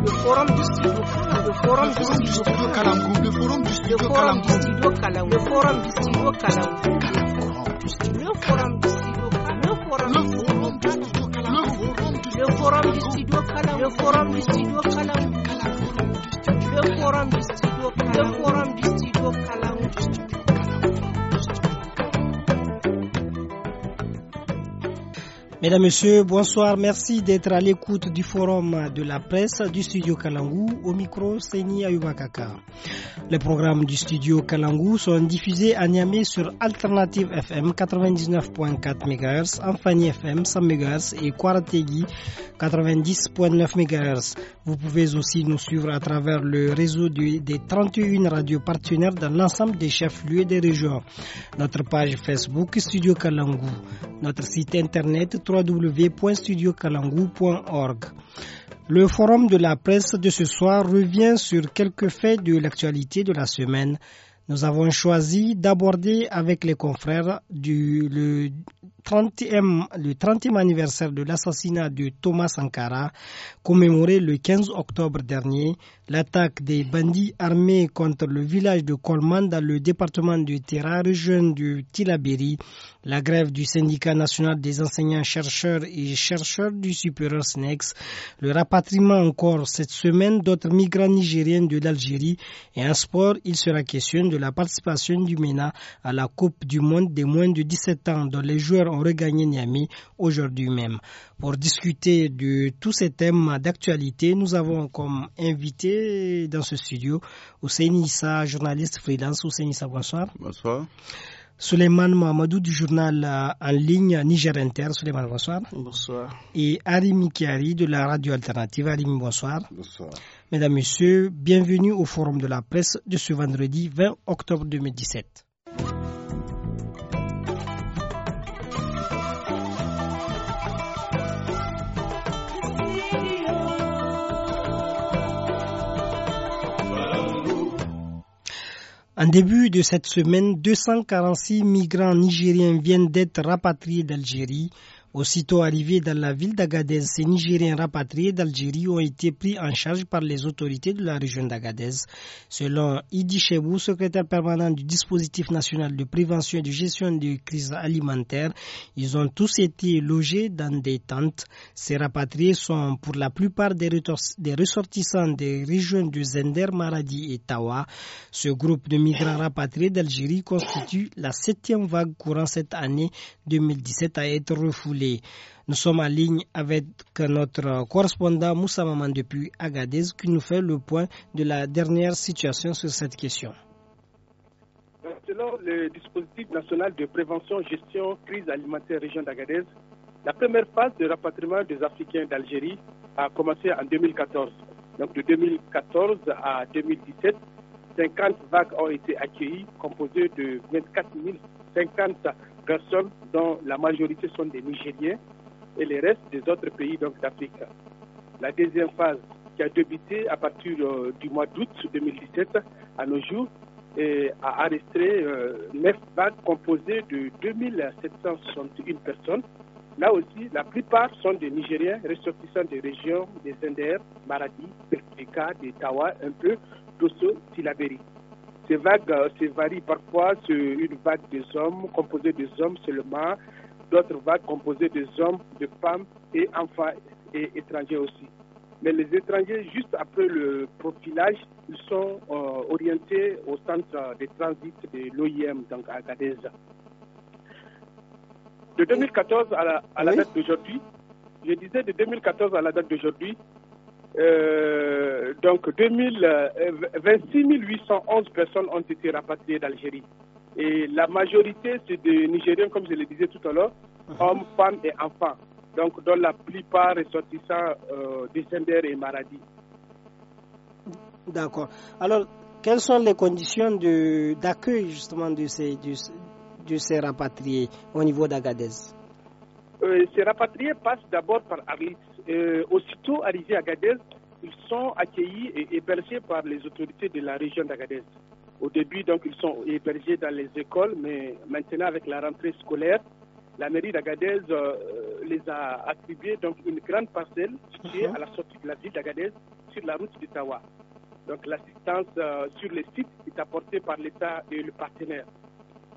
The forum the forum, the forum forum, the forum, the forum forum, the forum, the forum forum, the forum, the forum forum, the forum, the forum forum, the forum, the forum forum, the forum, the forum forum, the forum, the forum forum, the forum, the forum forum, the forum, the forum du studio Mesdames, Messieurs, bonsoir. Merci d'être à l'écoute du forum de la presse du studio Kalangou. Au micro, Seni Ayubakaka. Les programmes du studio Kalangou sont diffusés à Niamey sur Alternative FM 99.4 MHz, Amphani FM 100 MHz et Kwarategi 90.9 MHz. Vous pouvez aussi nous suivre à travers le réseau des 31 radios partenaires dans l'ensemble des chefs-lieux des régions. Notre page Facebook Studio Kalangu, Notre site internet www.studiokalangu.org. Le forum de la presse de ce soir revient sur quelques faits de l'actualité de la semaine. Nous avons choisi d'aborder avec les confrères du, le, 30e, le 30e anniversaire de l'assassinat de Thomas Sankara, commémoré le 15 octobre dernier, l'attaque des bandits armés contre le village de Colman dans le département de Terra, région du Tilaberi, la grève du syndicat national des enseignants chercheurs et chercheurs du supérieur SNEX, le rapatriement encore cette semaine d'autres migrants nigériens de l'Algérie et en sport, il sera question de la participation du MENA à la Coupe du monde des moins de 17 ans dont les joueurs ont regagné Niamey aujourd'hui même. Pour discuter de tous ces thèmes d'actualité, nous avons comme invité dans ce studio Hussein Issa, journaliste freelance. Hussein Issa, bonsoir. Bonsoir. Suleiman Mamadou du journal euh, en ligne Niger Inter. Suleiman, bonsoir. Bonsoir. Et Arimi Kiari de la radio alternative. Arimi, bonsoir. Bonsoir. Mesdames, Messieurs, bienvenue au Forum de la presse de ce vendredi 20 octobre 2017. En début de cette semaine, 246 migrants nigériens viennent d'être rapatriés d'Algérie Aussitôt arrivés dans la ville d'Agadez, ces Nigériens rapatriés d'Algérie ont été pris en charge par les autorités de la région d'Agadez. Selon Idi Chebou, secrétaire permanent du dispositif national de prévention et de gestion des crises alimentaires, ils ont tous été logés dans des tentes. Ces rapatriés sont pour la plupart des, ressortissants des régions de Zender, Maradi et Tawa. Ce groupe de migrants rapatriés d'Algérie constitue la septième vague courant cette année 2017 à être refoulée nous sommes en ligne avec notre correspondant Moussa Maman depuis Agadez qui nous fait le point de la dernière situation sur cette question. Selon le dispositif national de prévention gestion crise alimentaire région d'Agadez, la première phase de rapatriement des Africains d'Algérie a commencé en 2014. Donc de 2014 à 2017, 50 vagues ont été accueillies, composées de 24 050 personnes, dont la majorité sont des Nigériens et les restes des autres pays d'Afrique. La deuxième phase qui a débuté à partir euh, du mois d'août 2017 à nos jours a arrêté euh, neuf vagues composées de 2761 personnes. Là aussi, la plupart sont des Nigériens ressortissants des régions des NDR, Maradi, Belkika, des Tawa, un peu d'Osso, Tilaberi. Ces vagues euh, se varient parfois sur une vague des hommes, composée des hommes seulement, d'autres vagues composées des hommes, de femmes et enfants et étrangers aussi. Mais les étrangers, juste après le profilage, ils sont euh, orientés au centre euh, de transit de l'OIM, donc à Gadeza. De 2014 à à la date d'aujourd'hui, je disais de 2014 à la date d'aujourd'hui, euh, donc 26 811 euh, personnes ont été rapatriées d'Algérie. Et la majorité, c'est des Nigériens, comme je le disais tout à l'heure, uh-huh. hommes, femmes et enfants. Donc, dont la plupart ressortissant euh, cendres et maradis D'accord. Alors, quelles sont les conditions d'accueil, justement, de ces rapatriés au niveau d'Agadez euh, ces rapatriés passent d'abord par Agadez. Euh, aussitôt arrivés à Agadez, ils sont accueillis et hébergés par les autorités de la région d'Agadez. Au début, donc, ils sont hébergés dans les écoles, mais maintenant, avec la rentrée scolaire, la mairie d'Agadez euh, les a attribués donc une grande parcelle située mhm. à la sortie de la ville d'Agadez sur la route d'Ottawa. Donc, l'assistance sur les sites est apportée par l'État et le partenaire.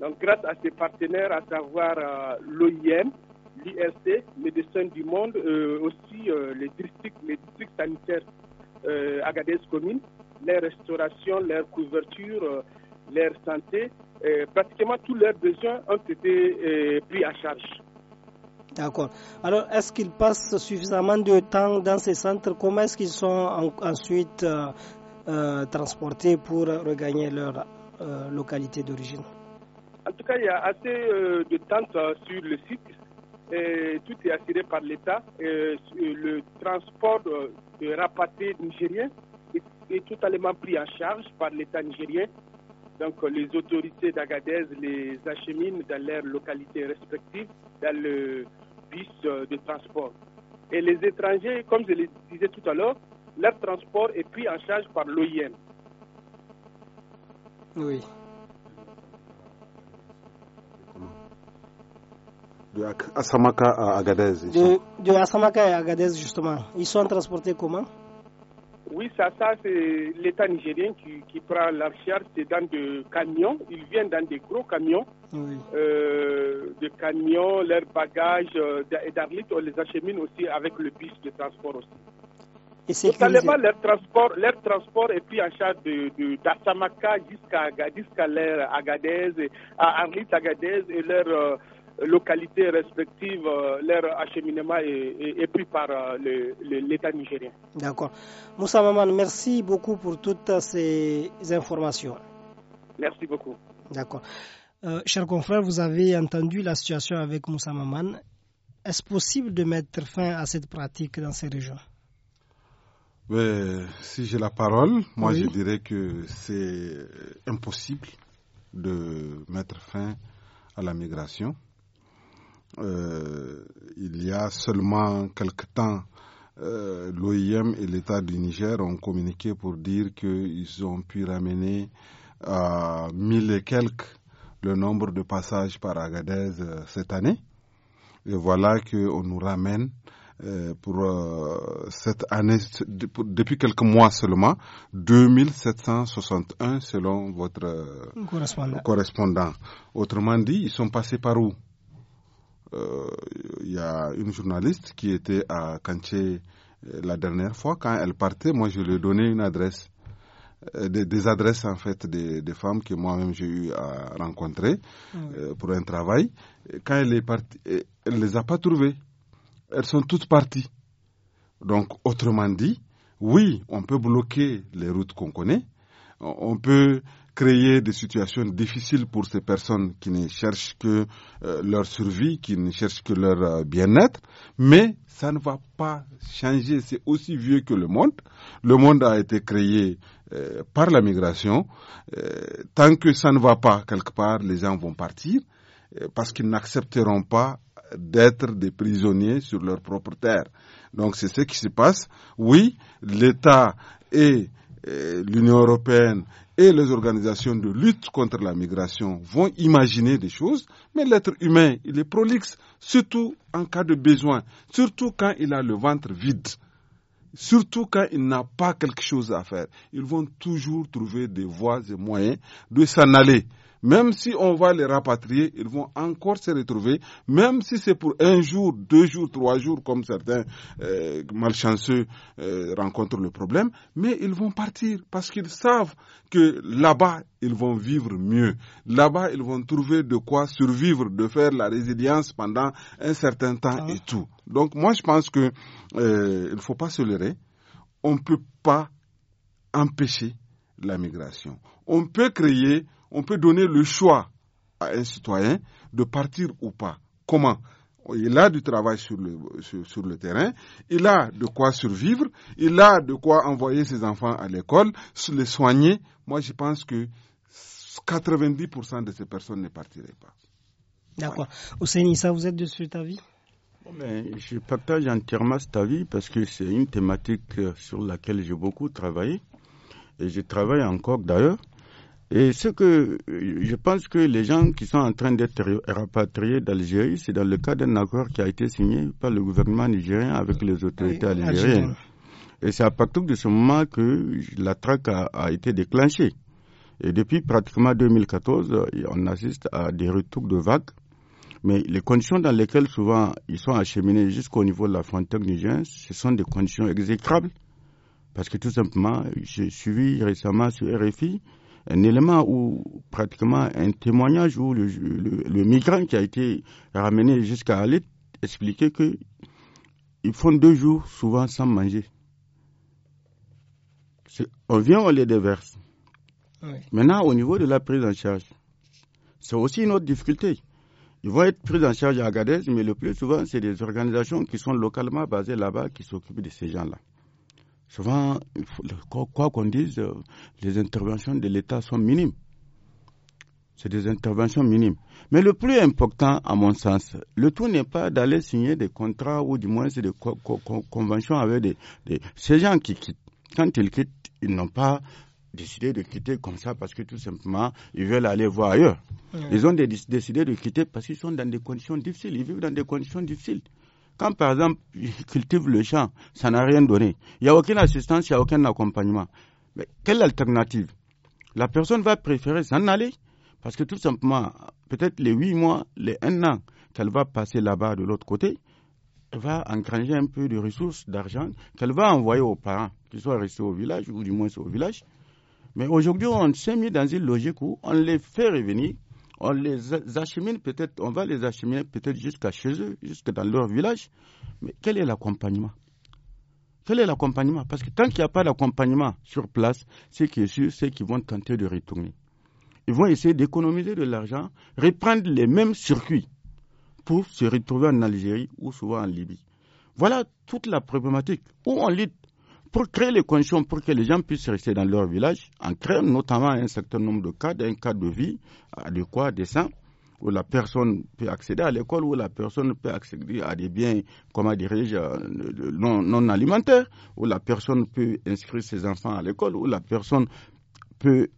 Donc, grâce à ces partenaires, à savoir l'OIM, l'IRC, Médecins du Monde, euh, aussi euh, les, districts, sanitaires euh, Agadez Commune, les restaurations leur couverture, euh, leur santé, pratiquement tous leurs besoins ont été pris à charge. D'accord. Alors, est-ce qu'ils passent suffisamment de temps dans ces centres Comment est-ce qu'ils sont ensuite transportés pour regagner leur localité d'origine en tout cas, il y a assez de temps sur le site tout est assuré par l'État. le transport euh, de rapatriés nigériens est, totalement pris en charge par l'État nigérien. Donc euh, les autorités d'Agadez les acheminent dans leurs localités respectives dans le bus euh, de transport. Et les étrangers, comme je le disais tout à l'heure, leur transport est pris en charge par l'OIM. Oui. De Asamaka à Agadez. De, de, Asamaka à Agadez, justement. Ils sont transportés comment Oui, ça, ça c'est l'État nigérien qui, qui prend la charge. C'est dans des camions. Ils viennent dans des gros camions. Oui. Euh, des camions, leurs bagages. et euh, d'Arlit, on les achemine aussi avec le bus de transport aussi. Et Totalement, leur transport, leur transport est pris en charge de, d'Assamaka jusqu'à jusqu'à l'Agadez Agadez, à Arlit Agadez et leur. Euh, localités respectives, euh, leur acheminement est, est pris par euh, l'État nigérien. D'accord. Moussa Maman, merci beaucoup pour toutes ces informations. Merci beaucoup. D'accord. Euh, chers confrères, vous avez entendu la situation avec Moussa Maman. Est-ce possible de mettre fin à cette pratique dans ces régions ben, Si j'ai la parole, moi je dirais que c'est impossible de mettre fin à la migration. Euh, il y a seulement quelques temps, euh, l'OIM et l'État du Niger ont communiqué pour dire qu'ils ont pu ramener à mille et quelques le nombre de passages par Agadez euh, cette année. Et voilà qu'on nous ramène euh, pour cette année, depuis quelques mois seulement, 2761 selon votre correspondant. Autrement dit, ils sont passés par où il euh, y a une journaliste qui était à Kanché euh, la dernière fois. Quand elle partait, moi, je lui ai donné une adresse. Euh, des, adresses en fait des, femmes que moi-même j'ai eu à rencontrer ah pour un travail. Quand elle est partie, elle les a pas trouvées. Elles sont toutes parties. Donc autrement dit, oui, on peut bloquer les routes qu'on connaît, on peut créer des situations difficiles pour ces personnes qui ne cherchent que euh, leur survie, qui ne cherchent que leur euh, bien-être, mais ça ne va pas changer. C'est aussi vieux que le monde. Le monde a été créé euh, par la migration. tant que ça ne va pas quelque part, les gens vont partir parce qu'ils n'accepteront pas d'être des prisonniers sur leur propre terre. Donc c'est ce qui se passe. Oui, l'État est euh, l'Union européenne et les organisations de lutte contre la migration vont imaginer des choses, mais l'être humain, il est prolixe, surtout en cas de besoin, surtout quand il a le ventre vide, surtout quand il n'a pas quelque chose à faire. Ils vont toujours trouver des voies et moyens de s'en aller. Même si on va les rapatrier, ils vont encore se retrouver, même si c'est pour un jour, deux jours, trois jours, comme certains euh, malchanceux euh, rencontrent le problème, mais ils vont partir parce qu'ils savent que là-bas, ils vont vivre mieux. Là-bas, ils vont trouver de quoi survivre, de faire la résilience pendant un certain temps ah. et tout. Donc moi, je pense que euh, il ne faut pas se leurrer. On ne peut pas empêcher la migration. On peut créer on peut donner le choix à un citoyen de partir ou pas. Comment il a du travail sur le, terrain, il a de quoi survivre, il a de quoi envoyer ses enfants à l'école, les soigner. Moi, je pense que 90% de ces personnes ne partiraient pas. D'accord. Ousseini, ça vous êtes de cet avis je partage entièrement cet avis parce que c'est une thématique euh, sur laquelle j'ai beaucoup travaillé et je travaille encore d'ailleurs. Et ce que euh, je pense que les gens qui sont en train d'être rapatriés d'Algérie, c'est dans le cadre d'un accord qui a été signé par le gouvernement nigérien avec les autorités algériennes. Et c'est à partir de ce moment que la traque a, a, été déclenchée. Et depuis pratiquement 2014, euh, on assiste à des retours de vagues. Mais les conditions dans lesquelles souvent ils sont acheminés jusqu'au niveau de la frontière nigérienne, ce sont des conditions exécrables. Parce que tout simplement, j'ai suivi récemment sur RFI, un élément ou pratiquement un témoignage où le, migrant qui a été ramené jusqu'à Alit expliquait que ils font deux jours souvent sans manger. On vient, on les déverse. Maintenant, au niveau de la prise en charge, c'est aussi une autre difficulté. Ils vont être pris en charge à Agadez, mais le plus souvent, c'est des organisations qui sont localement basées là-bas qui s'occupent de ces gens-là. Souvent, quoi qu'on dise, euh, les interventions de l'État sont minimes. C'est des interventions minimes. Mais le plus important, à mon sens, le tout n'est pas d'aller signer des contrats ou du moins des conventions avec des, Ces gens qui quittent, quand ils quittent, ils n'ont pas décidé de quitter comme ça parce que tout simplement, ils veulent aller voir ailleurs. Ils ont décidé de quitter parce qu'ils sont dans des conditions difficiles. Ils vivent dans des conditions difficiles. Quand, par exemple, ils cultivent le champ, ça n'a rien donné. Il n'y a aucune assistance, il n'y a aucun accompagnement. Mais quelle alternative La personne va préférer s'en aller parce que tout simplement, peut-être les huit mois, les un an qu'elle va passer là-bas de l'autre côté, elle va engranger un peu de ressources, d'argent qu'elle va envoyer aux parents, qu'ils soient restés au village ou du moins au village. Mais aujourd'hui, on s'est mis dans une logique où on les fait revenir on les achemine peut-être, on va les acheminer peut-être jusqu'à chez eux, jusque dans leur village. Mais quel est l'accompagnement Quel est l'accompagnement Parce que tant qu'il n'y a pas d'accompagnement sur place, ce qui est sûr, c'est qu'ils vont tenter de retourner. Ils vont essayer d'économiser de l'argent, reprendre les mêmes circuits pour se retrouver en Algérie ou souvent en Libye. Voilà toute la problématique où on lutte pour créer les conditions pour que les gens puissent rester dans leur village, en créant notamment un certain nombre de cas, un cas de vie adéquat, décent, où la personne peut accéder à l'école, où la personne peut accéder à des biens, comment dirais-je, euh, non, alimentaires, où la personne peut inscrire ses enfants à l'école, où la personne peut,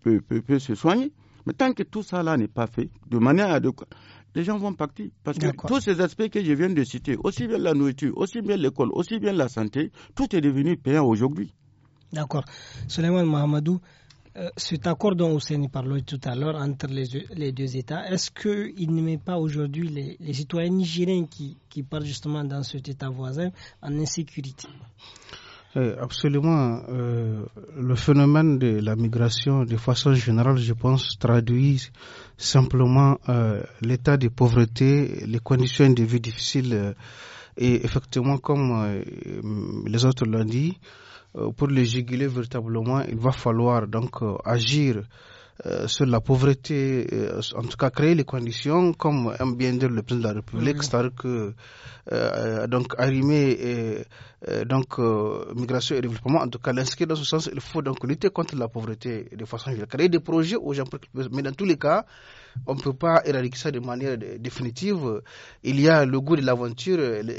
se soigner. Mais tant que tout ça là n'est pas fait de manière adéquate, les gens vont partir. Parce que tous ces aspects que je viens de citer, aussi bien la nourriture, aussi bien l'école, aussi bien la santé, tout est devenu payant aujourd'hui. D'accord. Soleiman Mahamadou, euh, cet accord dont Ousseini parlait tout à l'heure entre les, deux États, est-ce qu'il ne met pas aujourd'hui les, citoyens nigériens qui, qui partent justement dans cet État voisin en insécurité euh, absolument. Euh, le phénomène de la migration, de façon générale, je pense, traduit simplement euh, l'état de pauvreté, les conditions de vie difficiles. et effectivement, comme les autres l'ont dit, pour les juguler véritablement, il va falloir donc agir euh, sur la pauvreté, euh, en tout cas créer les conditions, comme aime bien dire le président de la République, mhm. c'est-à-dire que euh, donc arrimer donc migration et développement, en tout cas l'inscrire dans ce sens, il faut donc lutter contre la pauvreté de façon générale, créer des projets aux gens, mais dans tous les cas, on ne peut pas éradiquer ça de manière définitive. Il y a le goût de l'aventure,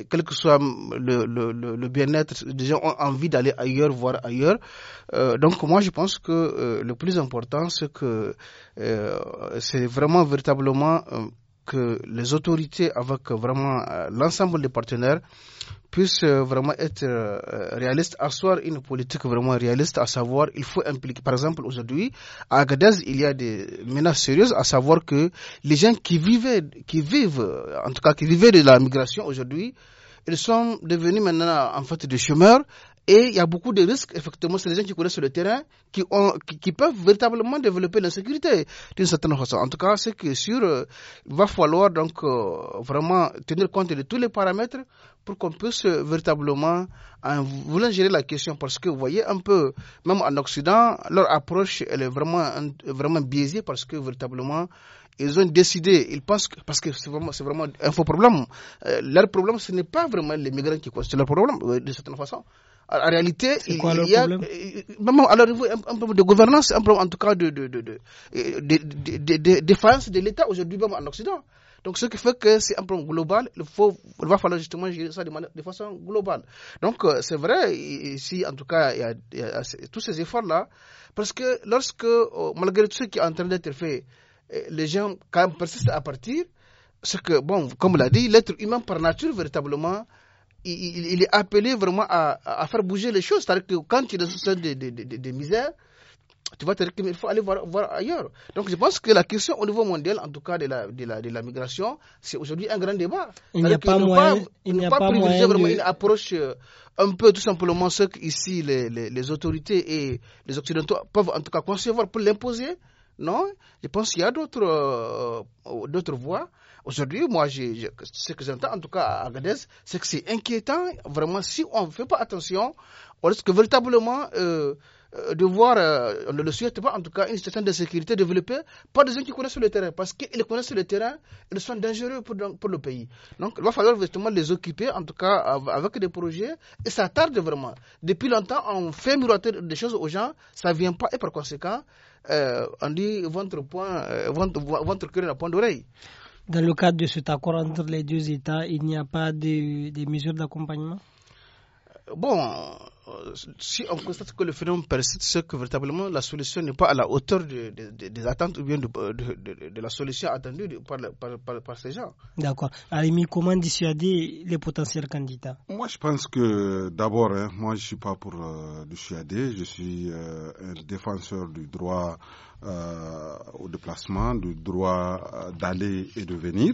quel que soit le, le, le bien-être, les gens ont envie d'aller ailleurs, voir ailleurs. Euh, donc moi, je pense que euh, le plus important, c'est que euh, c'est vraiment véritablement que les autorités, avec vraiment l'ensemble des partenaires, puisse euh, vraiment être euh, euh, réaliste, asseoir une politique vraiment réaliste, à savoir, il faut impliquer. Par exemple, aujourd'hui, à Agadez, il y a des menaces sérieuses, à savoir que les gens qui vivaient, qui vivent, en tout cas, qui vivaient de la migration aujourd'hui, ils sont devenus maintenant, en fait, des chômeurs. Et il y a beaucoup de risques, effectivement, c'est les gens qui connaissent le terrain qui, ont, qui, peuvent véritablement développer l'insécurité d'une certaine façon. En tout cas, c'est que sûr, il euh, va falloir donc euh, vraiment tenir compte de tous les paramètres pour qu'on puisse euh, véritablement, en voulant gérer la question, parce que vous voyez un peu, même en Occident, leur approche, elle est vraiment, vraiment biaisée parce que véritablement, ils ont décidé, ils pensent que, parce que c'est vraiment, c'est vraiment un faux problème. leur problème, ce n'est pas vraiment les migrants qui constituent leur problème, de certaine façon en réalité, euh, euh, il y a même un, problème de gouvernance, un problème en tout cas de, de, de, euh, défense de l'État aujourd'hui même en Occident. Donc, ce qui fait que c'est un problème global, il, faut, va falloir justement gérer ça de, façon globale. Donc, c'est vrai, ici, en tout cas, il a, tous ces efforts-là, parce que lorsque, malgré tout ce qui est en train d'être fait, les gens, quand même, persistent à partir, ce que, bon, comme l'a dit, l'être humain par nature, véritablement, il, est appelé vraiment à, faire bouger les choses. C'est-à-dire que quand tu es dans une de, de, misère, tu vas te dire faut aller voir, ailleurs. Donc je pense que la question au niveau mondial, en tout cas de la, de la, migration, c'est aujourd'hui un grand débat. Il n'y a pas moyen. il n'y a pas, pas vraiment une approche euh, un peu tout simplement ce qu'ici les, les, les, autorités et les Occidentaux peuvent en tout cas concevoir pour l'imposer. Non, je pense qu'il y a d'autres euh, d'autres voies. Aujourd'hui, moi, ce que j'entends, en tout cas à Agadez, c'est que c'est inquiétant. Vraiment, si on ne fait pas attention, on risque véritablement euh, euh, de voir, euh, on ne le souhaite pas, en tout cas, une situation de sécurité développée par des gens qui connaissent le terrain. Parce qu'ils connaissent le terrain, ils sont dangereux pour, le pays. Donc, il va falloir justement les occuper, en tout cas, avec des projets. Et ça tarde vraiment. Depuis longtemps, on fait miroiter des choses aux gens, ça ne vient pas. Et par conséquent, on dit ventre, point, ventre, ventre cœur à point d'oreille. Dans le cadre de cet accord entre les deux États, il n'y a pas de, mesures d'accompagnement Bon, euh, si on constate que le phénomène persiste, c'est que véritablement la solution n'est pas à la hauteur des attentes ou bien de, la solution attendue par, par, ces gens. D'accord. Arémi, comment dissuader les potentiels candidats Moi, je pense que d'abord, hein, moi, je ne suis pas pour euh, dissuader. Je suis euh, un défenseur du droit euh, au déplacement, du droit euh, d'aller et de venir.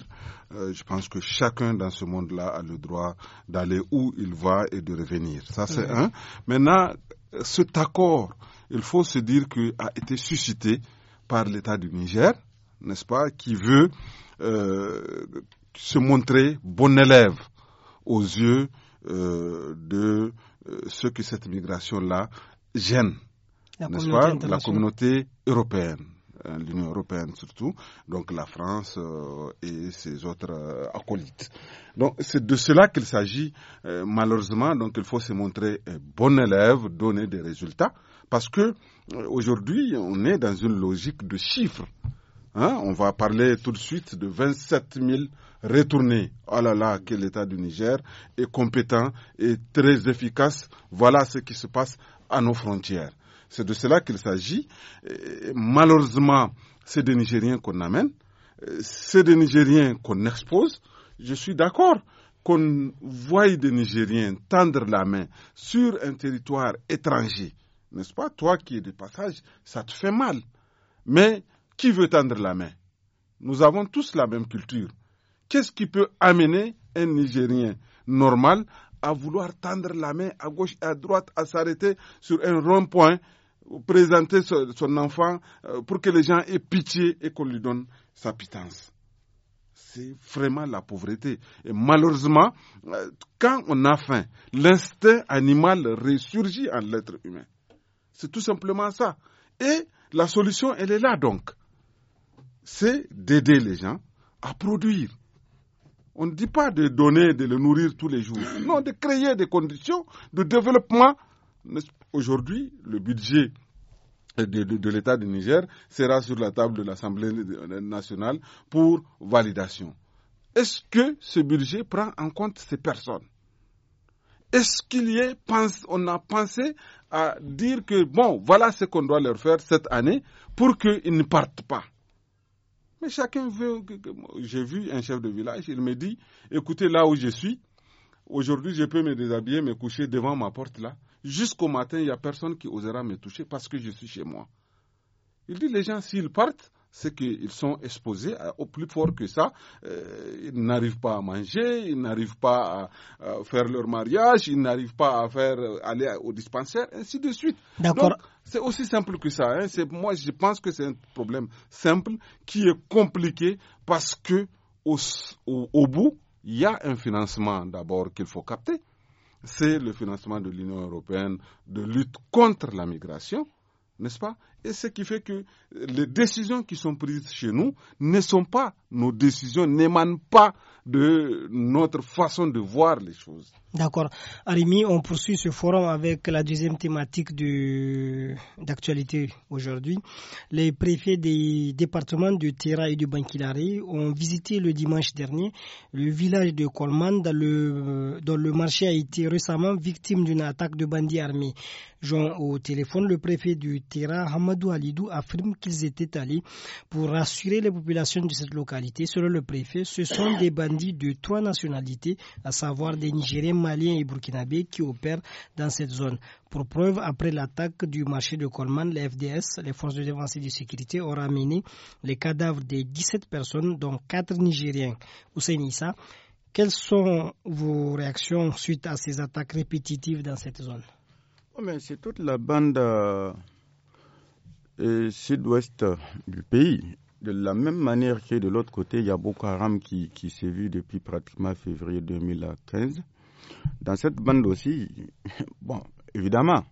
Euh, je pense que chacun dans ce monde-là a le droit d'aller où il va et de revenir. Ça, c'est un. Maintenant, cet accord, il faut se dire qu'il a été suscité par l'État du Niger, n'est-ce pas, qui veut se montrer bon élève aux yeux de ceux que cette migration-là gêne la communauté, la communauté européenne euh, l'Union européenne surtout, donc la France euh, et ses autres euh, acolytes. Donc c'est de cela qu'il s'agit malheureusement, donc il faut se montrer bon élève, donner des résultats, parce que aujourd'hui on est dans une logique de chiffres. Hein. On va parler tout de suite de 27 000 retournés. Oh là là, que l'État du Niger est compétent et très efficace. Voilà ce qui se passe à nos frontières. C'est de cela qu'il s'agit. Malheureusement, c'est des Nigériens qu'on amène, c'est des Nigériens qu'on expose. Je suis d'accord qu'on voie des Nigériens tendre la main sur un territoire étranger. N'est-ce pas Toi qui es de passage, ça te fait mal. Mais qui veut tendre la main Nous avons tous la même culture. Qu'est-ce qui peut amener un Nigérien normal à vouloir tendre la main à gauche et à droite, à s'arrêter sur un rond-point présenter son enfant euh, pour que les gens aient pitié et qu'on lui donne sa pitance. C'est vraiment la pauvreté. Et malheureusement, euh, quand on a faim, l'instinct animal ressurgit en l'être humain. C'est tout simplement ça. Et la solution, elle est là donc. C'est d'aider les gens à produire. On ne dit pas de donner, de le nourrir tous les jours. Non, de créer des conditions de développement. Aujourd'hui, le budget de, l'État du Niger sera sur la table de l'Assemblée nationale pour validation. Est-ce que ce budget prend en compte ces personnes Est-ce qu'il y a, on a pensé à dire que, bon, voilà ce qu'on doit leur faire cette année pour qu'ils ne partent pas Mais chacun veut... J'ai vu un chef de village, il me dit, écoutez, là où je suis, aujourd'hui je peux me déshabiller, me coucher devant ma porte là. Jusqu'au matin, il n'y a personne qui osera me toucher parce que je suis chez moi. Il dit les gens, s'ils partent, c'est qu'ils sont exposés au plus fort que ça. Euh, ils n'arrivent pas à manger, ils n'arrivent pas à, faire leur mariage, ils n'arrivent pas à faire euh, aller au dispensaire, ainsi de suite. D'accord. C'est aussi simple que ça. Hein. Moi, je pense que c'est un problème simple qui est compliqué parce que au, au bout, il y a un financement d'abord qu'il faut capter c'est le financement de l'Union européenne de lutte contre la migration, n'est-ce pas Et ce qui fait que les décisions qui sont prises chez nous ne sont pas, nos décisions n'émanent pas de notre façon de voir les choses. D'accord. Arimi, on poursuit ce forum avec la deuxième thématique d'actualité aujourd'hui. Les préfets des départements de Terra et du Bankilari ont visité le dimanche dernier le village de Colman, dans le, dont le marché a été récemment victime d'une attaque de bandits armés. Jean au téléphone, le préfet du Terra, Hamadou Alidou, affirme qu'ils étaient allés pour rassurer les populations de cette localité. Selon le préfet, ce sont des bandits de trois nationalités, à savoir des Nigériens, malien et burkinabés qui opèrent dans cette zone. Pour preuve, après l'attaque du marché de Colman, les FDS, les forces de défense et de sécurité, ont ramené les cadavres des 17 personnes, dont 4 Nigériens. Hussein quelles sont vos réactions suite à ces attaques répétitives dans cette zone oh, C'est toute la bande euh, euh, sud-ouest du pays. De la même manière que de l'autre côté, il y a Boko Haram qui, qui sévit depuis pratiquement février 2015. Dans cette bande aussi, bon, évidemment,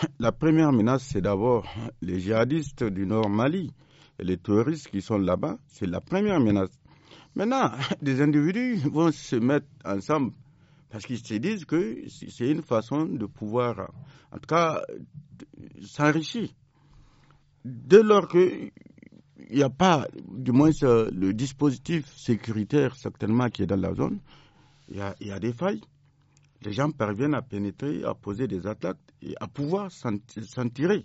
la première menace, c'est d'abord les djihadistes du Nord Mali et les terroristes qui sont là-bas. C'est la première menace. Maintenant, des individus vont se mettre ensemble parce qu'ils se disent que c'est une façon de pouvoir, en tout cas, s'enrichir. Dès lors qu'il n'y a pas, du moins euh, le dispositif sécuritaire certainement qui est dans la zone, il y a des failles les gens parviennent à pénétrer, à poser des attaques et à pouvoir s'en tirer.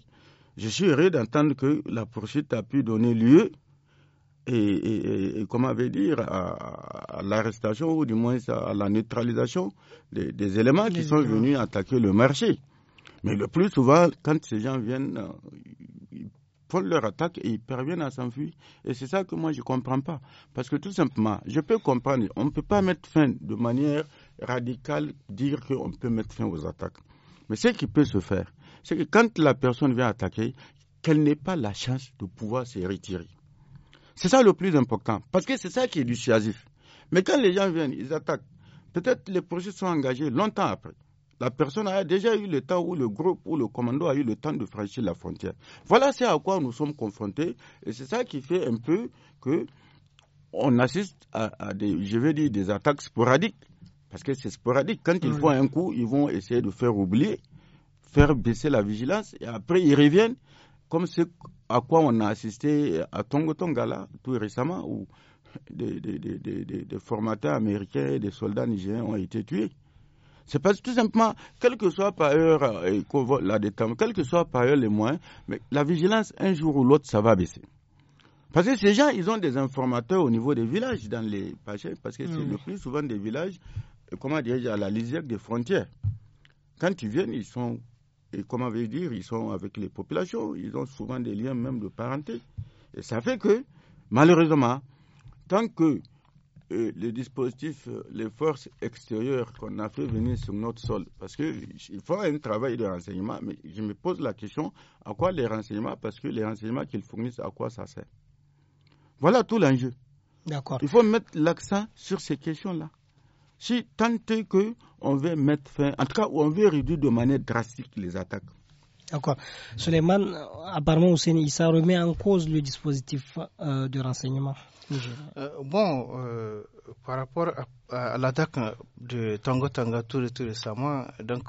Je suis heureux d'entendre que la poursuite a pu donner lieu, et, comment dire, à, l'arrestation ou du moins à la neutralisation des, des éléments qui sont venus attaquer le marché. Mais le plus souvent, quand ces gens viennent, euh, ils font leur attaque et ils parviennent à s'enfuir. Et c'est ça que moi, je ne comprends pas. Parce que tout simplement, je peux comprendre, on ne peut pas mettre fin de manière radical dire qu'on peut mettre fin aux attaques. Mais ce qui peut se faire, c'est que quand la personne vient attaquer, qu'elle n'ait pas la chance de pouvoir se retirer. C'est ça le plus important, parce que c'est ça qui est du dissuasif. Mais quand les gens viennent, ils attaquent. Peut-être les projets sont engagés longtemps après. La personne a déjà eu le temps où le groupe ou le commando a eu le temps de franchir la frontière. Voilà c'est à quoi nous sommes confrontés et c'est ça qui fait un peu que on assiste à, je vais dire, des attaques sporadiques parce que c'est sporadique. Quand ils font un coup, ils vont essayer de faire oublier, faire baisser la vigilance, et après ils reviennent, comme ce à quoi on a assisté à Tongotongala tout récemment, où des, formateurs américains et des soldats nigériens ont été tués. C'est parce que tout simplement, quel que soit par ailleurs euh, la détente, quel que soit par ailleurs les moyens, mais la vigilance, un jour ou l'autre, ça va baisser. Parce que ces gens, ils ont des informateurs au niveau des villages, dans les parce que c'est le plus souvent des villages comment dire, à la lisière des frontières. Quand ils viennent, ils sont, et comment veut dire, ils sont avec les populations, ils ont souvent des liens même de parenté. Et ça fait que, malheureusement, tant que euh, les dispositifs, euh, les forces extérieures qu'on a fait venir sur notre sol, parce qu'ils font un travail de renseignement, mais je me pose la question, à quoi les renseignements Parce que les renseignements qu'ils fournissent, à quoi ça sert Voilà tout l'enjeu. D'accord. Il faut mettre l'accent sur ces questions-là si tant est que on veut mettre fin, en tout cas, on veut réduire de manière drastique les attaques. D'accord. Suleiman, apparemment, ça remet en cause le dispositif euh, de renseignement. Euh, bon, euh, par rapport à, l'attaque de Tango Tanga tout, récemment, donc,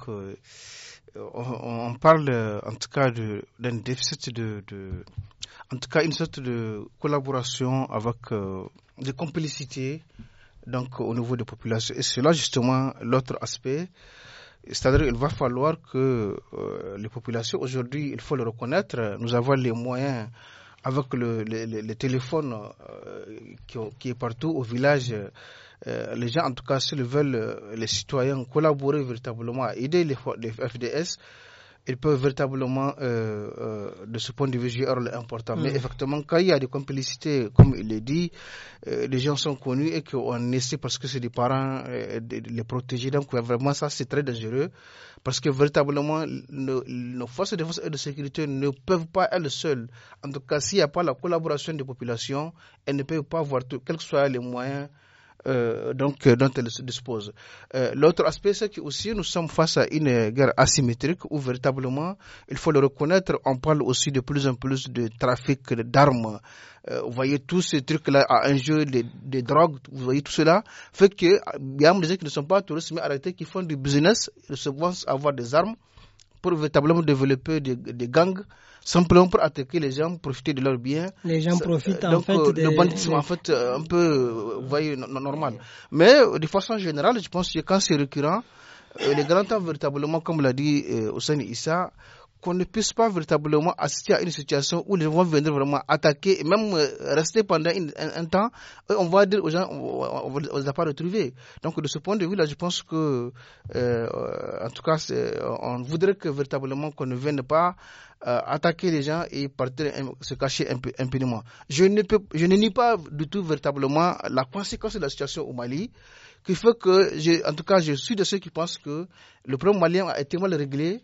on, parle en tout cas d'un déficit de, de, En tout cas, une sorte de collaboration avec. de complicité donc au niveau des populations. Et c'est là justement l'autre aspect. C'est-à-dire qu'il va falloir que euh, les populations, aujourd'hui, il faut le reconnaître, nous avons les moyens avec le, le, téléphone euh, qui, est partout au village. Euh, les gens, en tout cas, s'ils veulent, les citoyens, collaborer véritablement à aider les FDS, ils peuvent véritablement, euh, euh, de ce point de vue, jouer un rôle important. Mais mm. effectivement, quand il y a des complicités, comme il est dit, euh, les gens sont connus et qu'on essaie, parce que c'est des parents, de, les protéger. Donc, vraiment, ça, c'est très dangereux. Parce que véritablement, nos, forces de défense et de sécurité ne peuvent pas elles seules. En tout cas, s'il n'y a pas la collaboration des populations, elles ne peuvent pas avoir, tout, quels que soient les moyens, euh, donc, euh, dont elle se dispose. Euh, l'autre aspect, c'est que aussi nous sommes face à une guerre asymétrique où véritablement, il faut le reconnaître, on parle aussi de plus en plus de trafic d'armes. vous voyez tous ces trucs-là à un jeu de drogues, vous voyez tout cela, fait que il y a des gens qui ne sont pas touristes mais arrêtés, qui font du business, ils se vont avoir des armes pour véritablement développer des gangs simplement pour attaquer les gens, profiter de leurs biens. Les gens profitent donc, euh, en fait. Donc Le banditisme en fait un peu, vous euh, voyez, normal. Mais euh, de façon générale, je pense que quand c'est récurrent, les grands temps véritablement, comme l'a dit Oussane Issa, qu'on ne puisse pas véritablement assister à une situation où les gens vont venir vraiment attaquer et même euh, rester pendant un, temps, on va dire aux gens, on ne les a pas retrouvés. Donc de ce point de vue-là, je pense que, euh, en tout cas, on voudrait que véritablement qu'on ne vienne pas euh, attaquer les gens et partir euh, se cacher impunément. Je ne, je ne nie pas du tout véritablement la conséquence de la situation au Mali qui fait que, en tout cas, je suis de ceux qui pensent que le problème malien a été mal réglé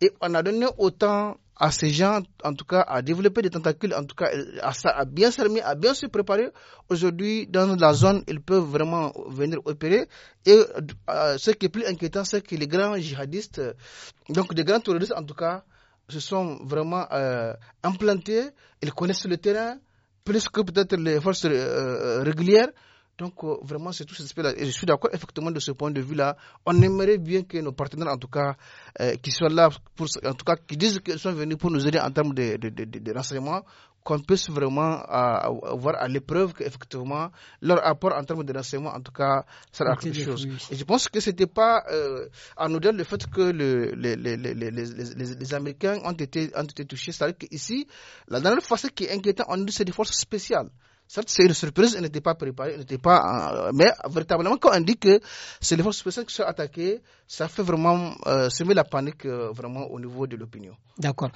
et on a donné autant à ces gens, en tout cas, à développer des tentacules, en tout cas, à, à bien s'armer, à bien se préparer. Aujourd'hui, dans la zone, ils peuvent vraiment venir opérer. Et euh, ce qui est plus inquiétant, c'est que les grands jihadistes, euh, donc les grands terroristes, en tout cas, se sont vraiment euh, implantés. Ils connaissent le terrain plus que peut-être les forces régulières. Donc, euh, vraiment, c'est tout cet aspect-là. Et je suis d'accord, effectivement, de ce point de vue-là. On aimerait bien que nos partenaires, en tout cas, euh, qui soient là, pour, en tout cas, qui disent qu'ils sont venus pour nous aider en termes de, de, de, de renseignements, qu'on puisse vraiment euh, voir à l'épreuve qu'effectivement, leur apport en termes de renseignements, en tout cas, sera a quelque chose. Et je pense que ce n'était pas euh, dire le fait que le, les, les, les, les, Américains ont été, ont été touchés. C'est-à-dire qu'ici, la dernière fois, qui est inquiétant, on dit que c'est des forces spéciales. Certes, c'est une surprise, elle n'était pas préparée, pas. Euh, mais véritablement, quand on dit que c'est les forces spéciales qui sont attaquées, ça fait vraiment euh, semer la panique euh, vraiment au niveau de l'opinion. D'accord.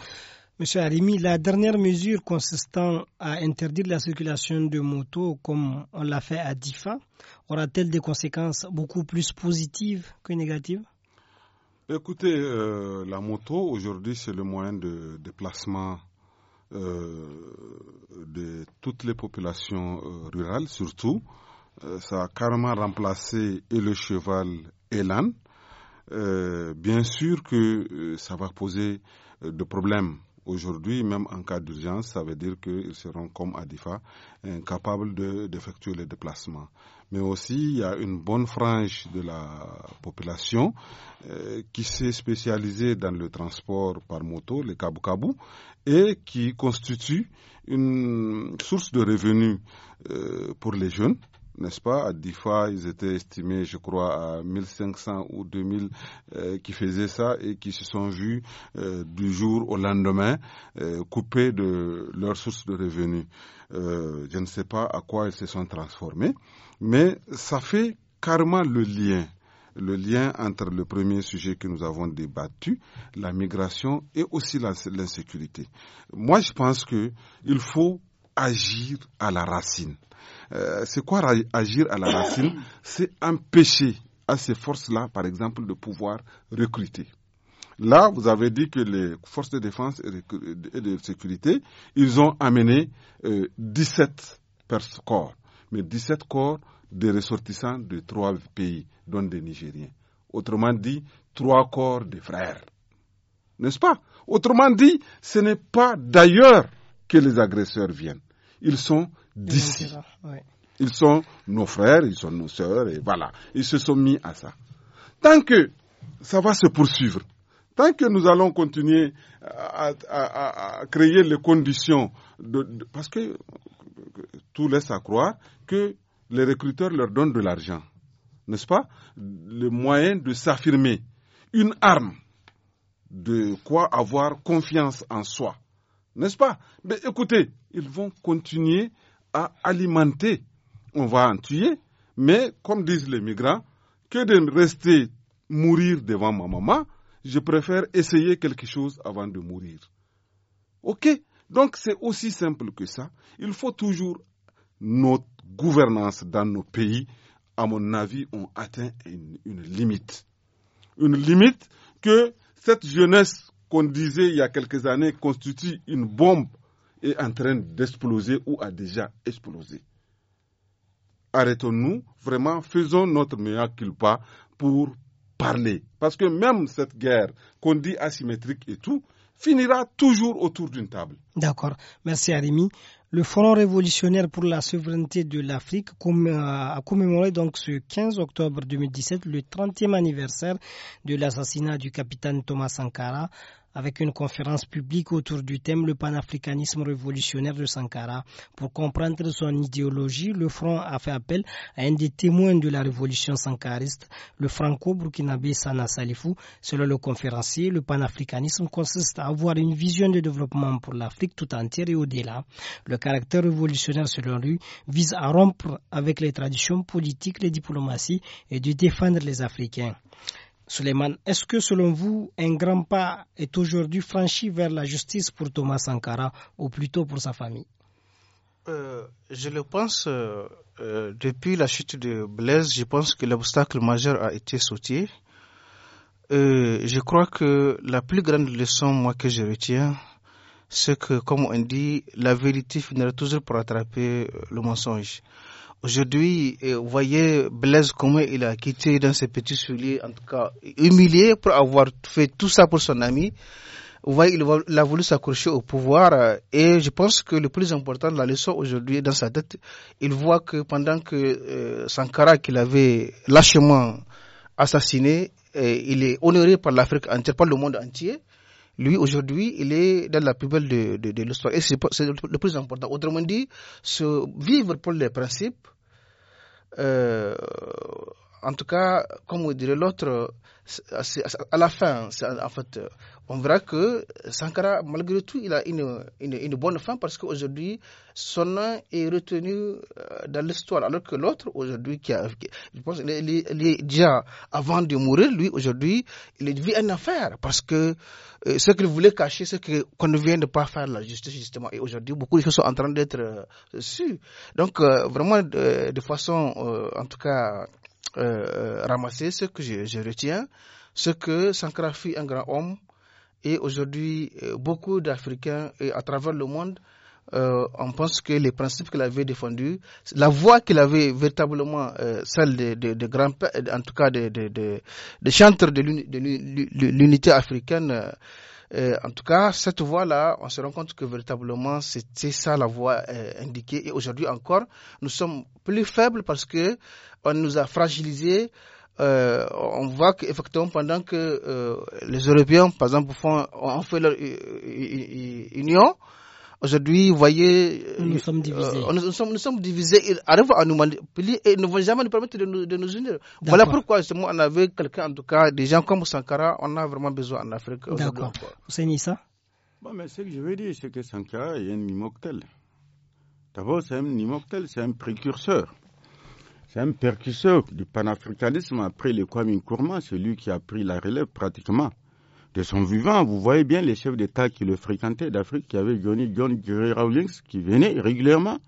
Monsieur Arimi, la dernière mesure consistant à interdire la circulation de motos comme on l'a fait à Difa aura-t-elle des conséquences beaucoup plus positives que négatives Écoutez, euh, la moto aujourd'hui c'est le moyen de déplacement euh, de toutes les populations euh, rurales, surtout. Euh, ça a carrément remplacé et le cheval et l'âne. bien sûr que ça va poser de problèmes Aujourd'hui, même en cas d'urgence, ça veut dire qu'ils seront comme Adifa, incapables d'effectuer les déplacements. Mais aussi, il y a une bonne frange de la population euh, qui s'est spécialisée dans le transport par moto, les kabou et qui constitue une source de revenus euh, pour les jeunes n'est-ce pas À DIFA, ils étaient estimés, je crois, à 1500 ou 2000 euh, qui faisaient ça et qui se sont vus euh, du jour au lendemain euh, coupés de leurs sources de revenus. je ne sais pas à quoi ils se sont transformés, mais ça fait carrément le lien le lien entre le premier sujet que nous avons débattu, la migration et aussi l'insécurité. Moi, je pense qu'il faut agir à la racine. Euh, c'est quoi agir à la racine C'est empêcher à ces forces-là, par exemple, de pouvoir recruter. Là, vous avez dit que les forces de défense et de, sécurité, ils ont amené 17 euh, corps, mais 17 corps de ressortissants de trois pays, dont des Nigériens. Autrement dit, trois corps de frères. N'est-ce pas Autrement dit, ce n'est pas d'ailleurs que les agresseurs viennent ils sont d'ici. Ils sont nos frères, ils sont nos sœurs, et voilà. Ils se sont mis à ça. Tant que ça va se poursuivre, tant que nous allons continuer à, créer les conditions, parce que tout laisse à croire que les recruteurs leur donnent de l'argent, n'est-ce pas Le moyen de s'affirmer, une arme de quoi avoir confiance en soi n'est-ce pas Mais écoutez, ils vont continuer à alimenter. On va en tuer, mais comme disent les migrants, que de rester mourir devant ma maman, je préfère essayer quelque chose avant de mourir. OK Donc c'est aussi simple que ça. Il faut toujours notre gouvernance dans nos pays, à mon avis, ont atteint une, une limite. Une limite que cette jeunesse qu'on disait il y a quelques années constitue une bombe est en train d'exploser ou a déjà explosé. Arrêtons-nous, vraiment, faisons notre meilleur culpa pour parler. Parce que même cette guerre qu'on dit asymétrique et tout, finira toujours autour d'une table. D'accord. Merci Arimi. Le Front révolutionnaire pour la souveraineté de l'Afrique a commémoré donc ce 15 octobre 2017 le 30e anniversaire de l'assassinat du capitaine Thomas Sankara avec une conférence publique autour du thème Le panafricanisme révolutionnaire de Sankara. Pour comprendre son idéologie, le Front a fait appel à un des témoins de la révolution sankariste, le franco-burkinabé Sana Salifou. Selon le conférencier, le panafricanisme consiste à avoir une vision de développement pour l'Afrique tout entière et au-delà. Le caractère révolutionnaire, selon lui, vise à rompre avec les traditions politiques, les diplomaties et de défendre les Africains. Suleiman, est-ce que selon vous, un grand pas est aujourd'hui franchi vers la justice pour Thomas Sankara ou plutôt pour sa famille euh, Je le pense. Euh, euh, depuis la chute de Blaise, je pense que l'obstacle majeur a été sauté. je crois que la plus grande leçon, moi, que je retiens, c'est que, comme on dit, la vérité finira toujours par attraper le mensonge. Aujourd'hui, eh, vous voyez Blaise comment il a quitté dans ses petits souliers, en tout cas humilié pour avoir fait tout ça pour son ami. Vous voyez, il a voulu s'accrocher au pouvoir euh, et je pense que le plus important, de la leçon aujourd'hui dans sa tête, il voit que pendant que euh, Sankara qu'il avait lâchement assassiné, et eh, il est honoré par l'Afrique entière, par le monde entier. Lui, aujourd'hui, il est dans la plus belle de, de l'histoire. Et c'est le plus important. Autrement dit, se vivre pour les principes, 呃。en tout cas, comme vous dirait l'autre, à la fin, en fait, on verra que Sankara, malgré tout, il a une, une, bonne fin parce qu'aujourd'hui, son nom est retenu euh, dans l'histoire. Alors que l'autre, aujourd'hui, qui a, je pense, qu'il est, déjà, avant de mourir, lui, aujourd'hui, il vit une affaire parce que euh, ce qu'il voulait cacher, c'est qu'on ne vient de pas faire la justice, justement. Et aujourd'hui, beaucoup de choses sont en train d'être euh, sues. Donc, vraiment, de façon, en tout cas, euh, euh, ramasser ce que je, retiens, ce que Sankara fut un grand homme et aujourd'hui euh, beaucoup d'Africains et à travers le monde euh, on pense que les principes qu'il avait défendus, la voix qu'il avait véritablement, celle de, de, de grands, en tout cas des de, de, de de l'unité africaine, euh, en tout cas, cette voie-là, on se rend compte que véritablement, c'était ça la voie euh, indiquée. Et aujourd'hui encore, nous sommes plus faibles parce que on nous a fragilisés. Euh, on voit qu'effectivement, pendant que euh, les Européens, par exemple, font, ont fait leur union, Aujourd'hui, vous voyez. Nous, sommes divisés. nous, sommes, divisés. Euh, ils arrivent à nous manipuler et ne vont jamais nous permettre de nous, unir. Voilà pourquoi, justement, on avait quelqu'un, en tout cas, des gens comme Sankara, on a vraiment besoin en Afrique. D'accord. savez Nissa mais ce que je veux dire, c'est que Sankara est un mimoctel. D'abord, c'est un mimoctel, c'est un précurseur. C'est un percusseur du panafricanisme après le Kwame Nkrumah, celui qui a pris la relève pratiquement de son vivant, vous voyez bien les chefs d'État qui le fréquentaient d'Afrique, qui y avait Johnny John qui venait régulièrement,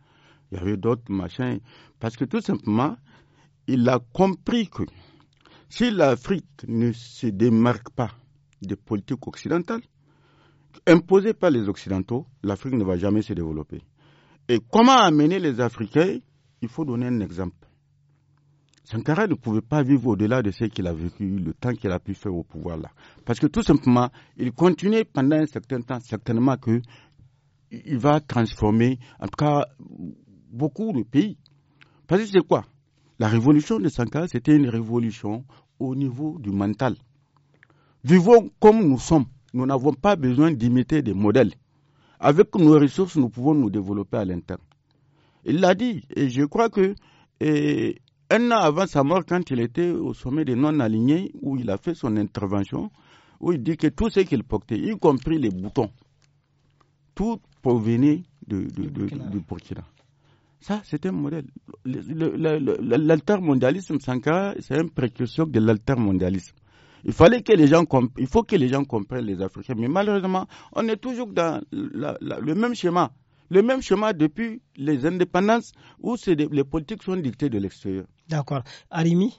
il y avait d'autres machins, parce que tout simplement, il a compris que si l'Afrique ne se démarque pas des politiques occidentales, imposées par les Occidentaux, l'Afrique ne va jamais se développer. Et comment amener les Africains Il faut donner un exemple. Sankara ne pouvait pas vivre au-delà de ce qu'il a vécu, le temps qu'il a pu faire au pouvoir là. Parce que tout simplement, il continuait pendant un certain temps, certainement que il va transformer, en tout cas, beaucoup de pays. Parce que c'est quoi La révolution de Sankara, c'était une révolution au niveau du mental. Vivons comme nous sommes. Nous n'avons pas besoin d'imiter des modèles. Avec nos ressources, nous pouvons nous développer à l'interne. Il l'a dit, et je crois que et un an avant sa mort, quand il était au sommet des non-alignés, où il a fait son intervention, où il dit que tout ce qu'il portait, y compris les boutons, tout provenait de, du, Burkina. Ça, c'était un modèle. L'altermondialisme, Sankara, c'est un précurseur de l'altermondialisme. Il fallait que les gens il faut que les gens comprennent les Africains. Mais malheureusement, on est toujours dans le même schéma le même chemin depuis les indépendances où les politiques sont dictées de l'extérieur. D'accord. Arimi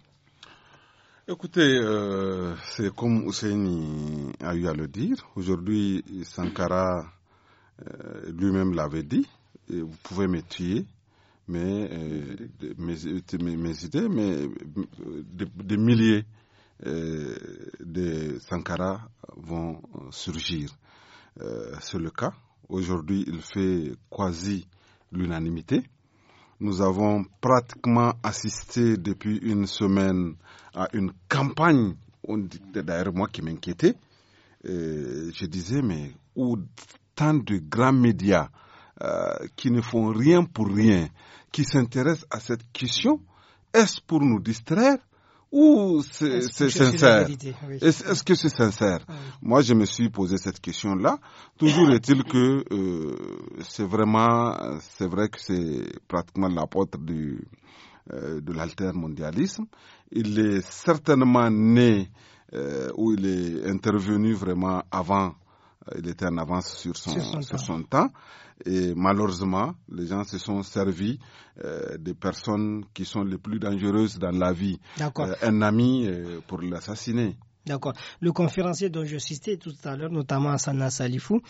Écoutez, euh, c'est comme Hussein a eu à le dire. Aujourd'hui, Sankara euh, lui-même l'avait dit. vous pouvez me tuer, mais euh, mes, idées, mais des milliers de Sankara vont surgir. c'est le cas Aujourd'hui, il fait quasi l'unanimité. Nous avons pratiquement assisté depuis une semaine à une campagne, d'ailleurs moi qui m'inquiétais. Je disais, mais où tant de grands médias euh, qui ne font rien pour rien, qui s'intéressent à cette question, est-ce pour nous distraire ou c'est sincère ah Est-ce que c'est sincère ah Moi, je me suis posé cette question-là. Toujours est-il que euh, c'est vraiment, c'est vrai que c'est pratiquement l'apôtre du euh, de l'altermondialisme. Il est certainement né euh, ou il est intervenu vraiment avant euh, il était en avance sur son, Sur son temps. Et malheureusement, les gens se sont servis euh, des personnes qui sont les plus dangereuses dans la vie. Euh, un ami euh, pour l'assassiner. D'accord. Le conférencier dont je citais tout à l'heure, notamment Hassana Salifou,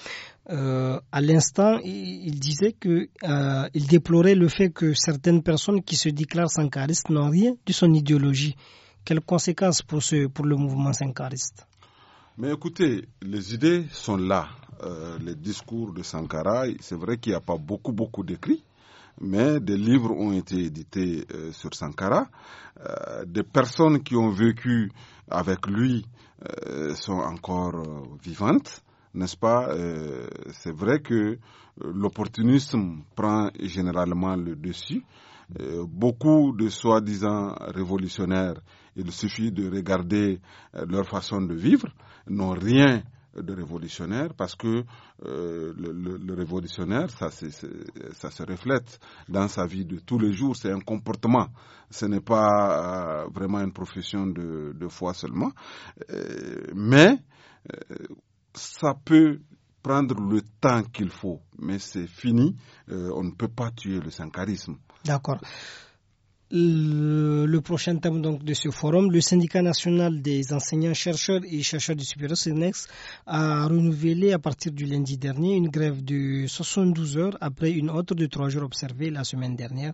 à l'instant, il, disait qu'il déplorait le fait que certaines personnes qui se déclarent sankaristes n'ont rien de son idéologie. Quelles conséquences pour, ce, pour le mouvement sankariste Mais écoutez, les idées sont là. Euh, les discours de Sankara, c'est vrai qu'il n'y a pas beaucoup, beaucoup d'écrits, mais des livres ont été édités euh, sur Sankara. Euh, des personnes qui ont vécu avec lui euh, sont encore vivantes, n'est-ce pas C'est vrai que l'opportunisme prend généralement le dessus. beaucoup de soi-disant révolutionnaires, il suffit de regarder leur façon de vivre, n'ont rien de révolutionnaire parce que euh, le, le, révolutionnaire, ça, c'est, ça se reflète dans sa vie de tous les jours, c'est un comportement, ce n'est pas euh, vraiment une profession de, de foi seulement, euh, mais ça peut prendre le temps qu'il faut, mais c'est fini, on ne peut pas tuer le syncharisme. D'accord le, prochain thème donc de ce forum, le syndicat national des enseignants chercheurs et chercheurs du supérieur Sénex a renouvelé à partir du lundi dernier une grève de 72 heures après une autre de 3 jours observée la semaine dernière.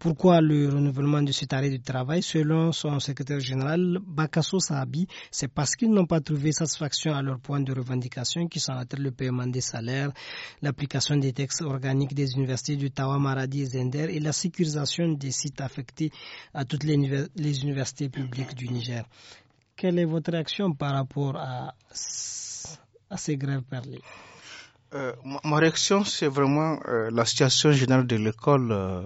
Pourquoi le renouvellement de cet arrêt de travail Selon son secrétaire général Bakasso Sahabi, c'est parce qu'ils n'ont pas trouvé satisfaction à leur point de revendication qui sont le paiement des salaires, l'application des textes organiques des universités du Tawa, Maradi et Zender et la sécurisation des sites affectés à toutes les, universités publiques du Niger. Quelle est votre réaction par rapport à, ces grèves parlées euh, ma, réaction, c'est vraiment euh, la situation générale de l'école. Euh,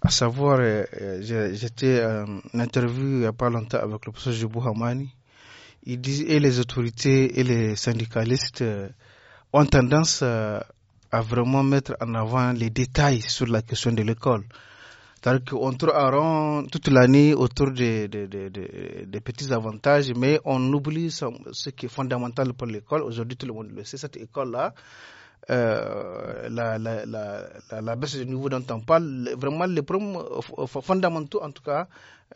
à savoir, euh, j'étais en interview il n'y a pas longtemps avec le professeur Jibou Hamani. Il dit, et les autorités et les syndicalistes ont tendance à vraiment mettre en avant les détails sur la question de l'école cest à tourne toute l'année autour des petits avantages, mais on oublie ce qui est fondamental pour l'école. Aujourd'hui, tout le monde le sait, cette école-là, euh, la, baisse du niveau dont on parle, vraiment les problèmes euh, fondamentaux, en tout cas,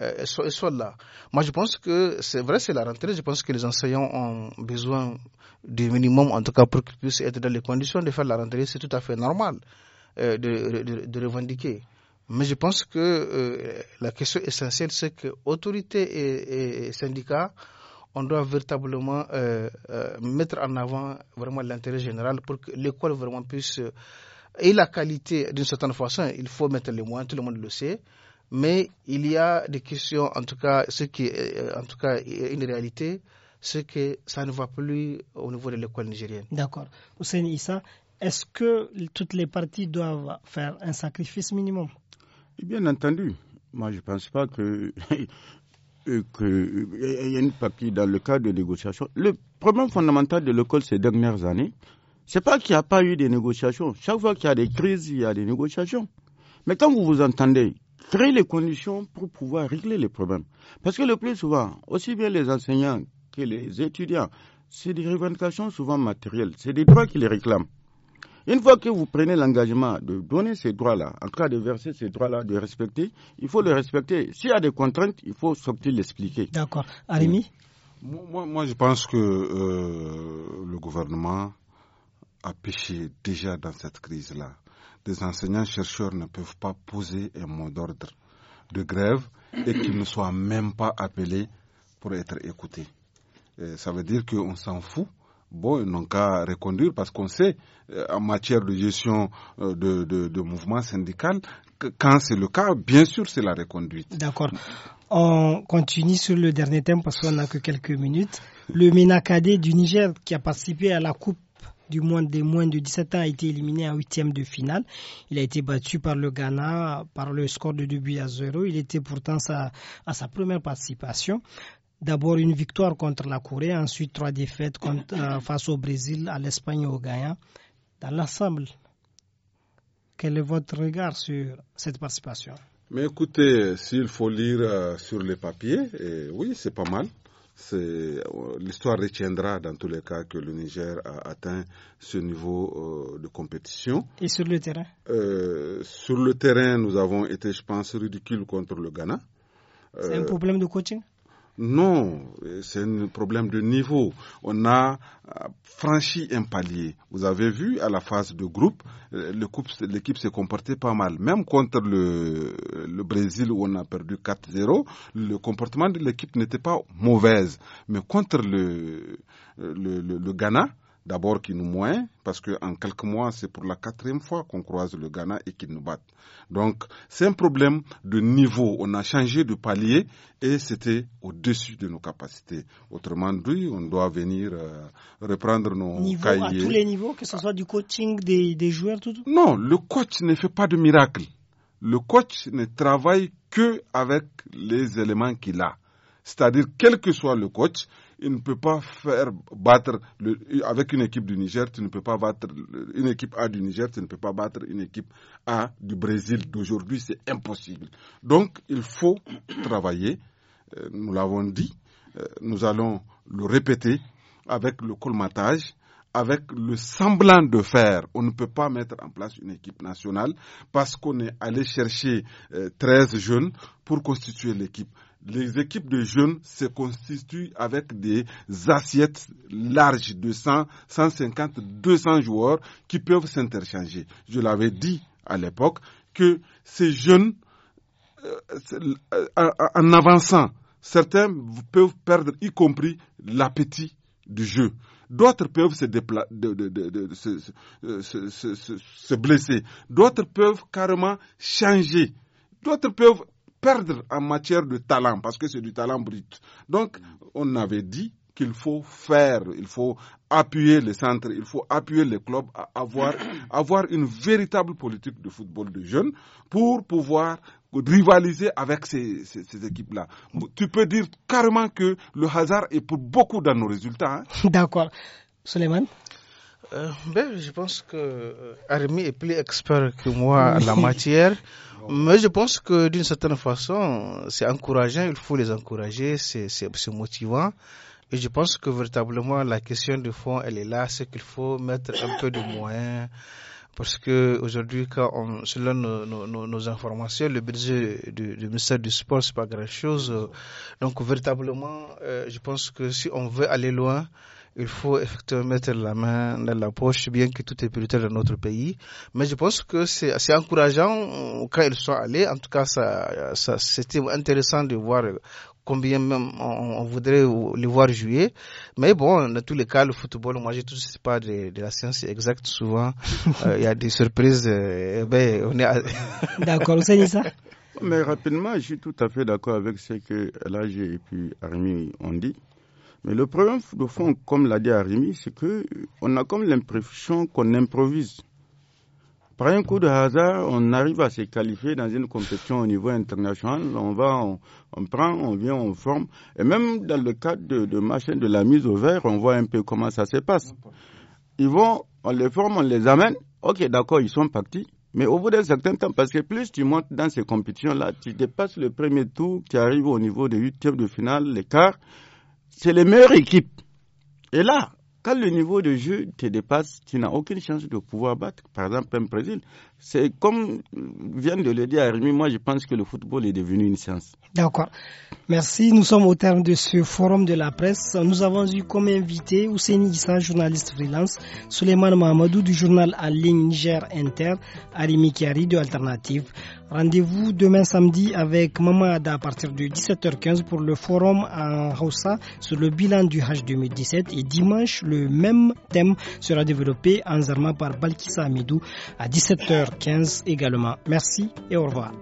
euh, sont, là. Moi, je pense que c'est vrai, c'est la rentrée. Je pense que les enseignants ont besoin du minimum, en tout cas, pour qu'ils puissent être dans les conditions de faire la rentrée. C'est tout à fait normal euh, de, de, de, revendiquer. Mais je pense que euh, la question essentielle, c'est que autorités et, syndicats, on doit véritablement euh, euh, mettre en avant vraiment l'intérêt général pour que l'école vraiment puisse et la qualité d'une certaine façon. Il faut mettre les moyens, tout le monde le sait. Mais il y a des questions, en tout cas, ce qui est en tout cas une réalité, c'est que ça ne va plus au niveau de l'école nigérienne. D'accord. Hussein Issa, est-ce que toutes les parties doivent faire un sacrifice minimum eh bien entendu. Moi, je ne pense pas que euh, qu'il euh, y a une partie dans le cadre de négociations. Le problème fondamental de l'école ces dernières années, c'est pas qu'il n'y a pas eu des négociations. Chaque fois qu'il y a des crises, il y a des négociations. Mais quand vous vous entendez, créez les conditions pour pouvoir régler les problèmes. Parce que le plus souvent, aussi bien les enseignants que les étudiants, c'est des revendications souvent matérielles. C'est des droits qui les réclament. Une fois que vous prenez l'engagement de donner ces droits-là, en cas de verser ces droits-là, de respecter, il faut le respecter. S'il y a des contraintes, il faut sortir l'expliquer. D'accord. Arimi mmh. moi, je pense que euh, le gouvernement a péché déjà dans cette crise-là. Des enseignants-chercheurs ne peuvent pas poser un mot d'ordre de grève et qu'ils ne soient même pas appelés pour être écoutés. ça veut dire qu'on s'en fout bon, ils n'ont qu'à reconduire parce qu'on sait, euh, en matière de gestion euh, de, de, de que quand c'est le cas, bien sûr, c'est la reconduite. D'accord. On continue sur le dernier thème parce qu'on n'a que quelques minutes. Le Ménacadé du Niger qui a participé à la Coupe du monde des moins de 17 ans a été éliminé en huitième de finale. Il a été battu par le Ghana par le score de 2 buts à 0. Il était pourtant sa, à sa première participation. D'abord une victoire contre la Corée, ensuite trois défaites euh, face au Brésil, à l'Espagne et au Ghana. Dans l'ensemble, quel est votre regard sur cette participation Mais écoutez, s'il faut lire euh, sur les papiers, oui, c'est pas mal. Euh, l'histoire retiendra dans tous les cas que le Niger a atteint ce niveau de compétition. Et sur le terrain Sur le terrain, nous avons été, je pense, ridicules contre le Ghana. C'est un problème de coaching non, c'est un problème de niveau. On a euh, franchi un palier. Vous avez vu à la phase de groupe, euh, l'équipe s'est comportée pas mal. Même contre le, Brésil où on a perdu 4-0, le comportement de l'équipe n'était pas mauvaise. Mais contre le Ghana, D'abord qu'ils nous moignent, parce qu'en quelques mois, c'est pour la quatrième fois qu'on croise le Ghana et qu'ils nous battent. Donc, c'est un problème de niveau. On a changé de palier et c'était au-dessus de nos capacités. Autrement dit, on doit venir euh, reprendre nos niveau cahiers. À tous les niveaux, que ce soit du coaching des, des joueurs, tout, tout Non, le coach ne fait pas de miracle. Le coach ne travaille que avec les éléments qu'il a. C'est-à-dire, quel que soit le coach, il ne peut pas faire battre avec une équipe du Niger, tu ne peux pas battre une équipe A du Niger, tu ne peux pas battre une équipe A du Brésil d'aujourd'hui, c'est impossible. Donc il faut travailler, euh, nous l'avons dit, euh, nous allons le répéter avec le colmatage, avec le semblant de faire. On ne peut pas mettre en place une équipe nationale parce qu'on est allé chercher 13 euh, jeunes pour constituer l'équipe les équipes de jeunes se constituent avec des assiettes larges de 100, 150, 200 joueurs qui peuvent s'interchanger. Je l'avais dit à l'époque que ces jeunes, euh, euh, en avançant, certains peuvent perdre, y compris l'appétit du jeu. D'autres peuvent se, se blesser. D'autres peuvent carrément changer. D'autres peuvent perdre en matière de talent, parce que c'est du talent brut. Donc, on avait dit qu'il faut faire, il faut appuyer les centres, il faut appuyer les clubs à avoir, avoir une véritable politique de football de jeunes pour pouvoir rivaliser avec ces, ces, équipes-là. Tu peux dire carrément que le hasard est pour beaucoup dans nos résultats. Hein. D'accord. Suleiman euh, ben, je pense que euh, Armi est plus expert que moi en la matière, mais je pense que d'une certaine façon, c'est encourageant, il faut les encourager, c'est motivant. Et je pense que véritablement, la question de fond, elle est là, c'est qu'il faut mettre un peu de moyens. Parce que aujourd'hui, quand on, selon nos, nos, informations, le budget du, du ministère du Sport, c'est pas grand chose. Donc, véritablement, euh, je pense que si on veut aller loin, il faut effectivement mettre la main dans la poche, bien que tout est prioritaire dans notre pays. Mais je pense que c'est assez encourageant euh, quand ils sont allés. En tout cas, ça, c'était intéressant de voir combien même on, voudrait les voir jouer. Mais bon, dans tous les cas, le football, moi, je ne sais pas de, la science exacte souvent. Euh, il y a des surprises. Euh, eh ben, D'accord, vous ça Mais rapidement, je suis tout à fait d'accord avec ce que l'âge et puis Armi ont dit. Mais le problème de fond, comme l'a dit Arimi, c'est que euh, on a comme l'impression qu'on improvise. Par un coup de hasard, on arrive à se qualifier dans une compétition au niveau international. On va, on, prend, on vient, on forme. Et même dans le cadre de, de machin, de la mise au vert, on voit un peu comment ça se passe. Ils vont, on les forme, on les amène. Ok, d'accord, ils sont partis. Mais au bout d'un certain temps, parce que plus tu montes dans ces compétitions-là, tu dépasses le premier tour, tu arrives au niveau des huitièmes de finale, les quarts c'est les meilleures équipes. Et là, quand le niveau de jeu te dépasse, tu n'as aucune chance de pouvoir battre. Par exemple, un Brésil, c'est comme vient de le dire Arimi, moi je pense que le football est devenu une science. D'accord. Merci. Nous sommes au terme de ce forum de la presse. Nous avons eu comme invité Ousseini Issa, journaliste freelance, Suleiman Mahamadou du journal en Niger Inter, Arimi Kiari de Alternative. Rendez-vous demain samedi avec Maman Ada à partir de 17h15 pour le forum en Hausa sur le bilan du H 2017 et dimanche le même thème sera développé en Zarma par Balkissa Amidou à 17h. 15 également. Merci et au revoir.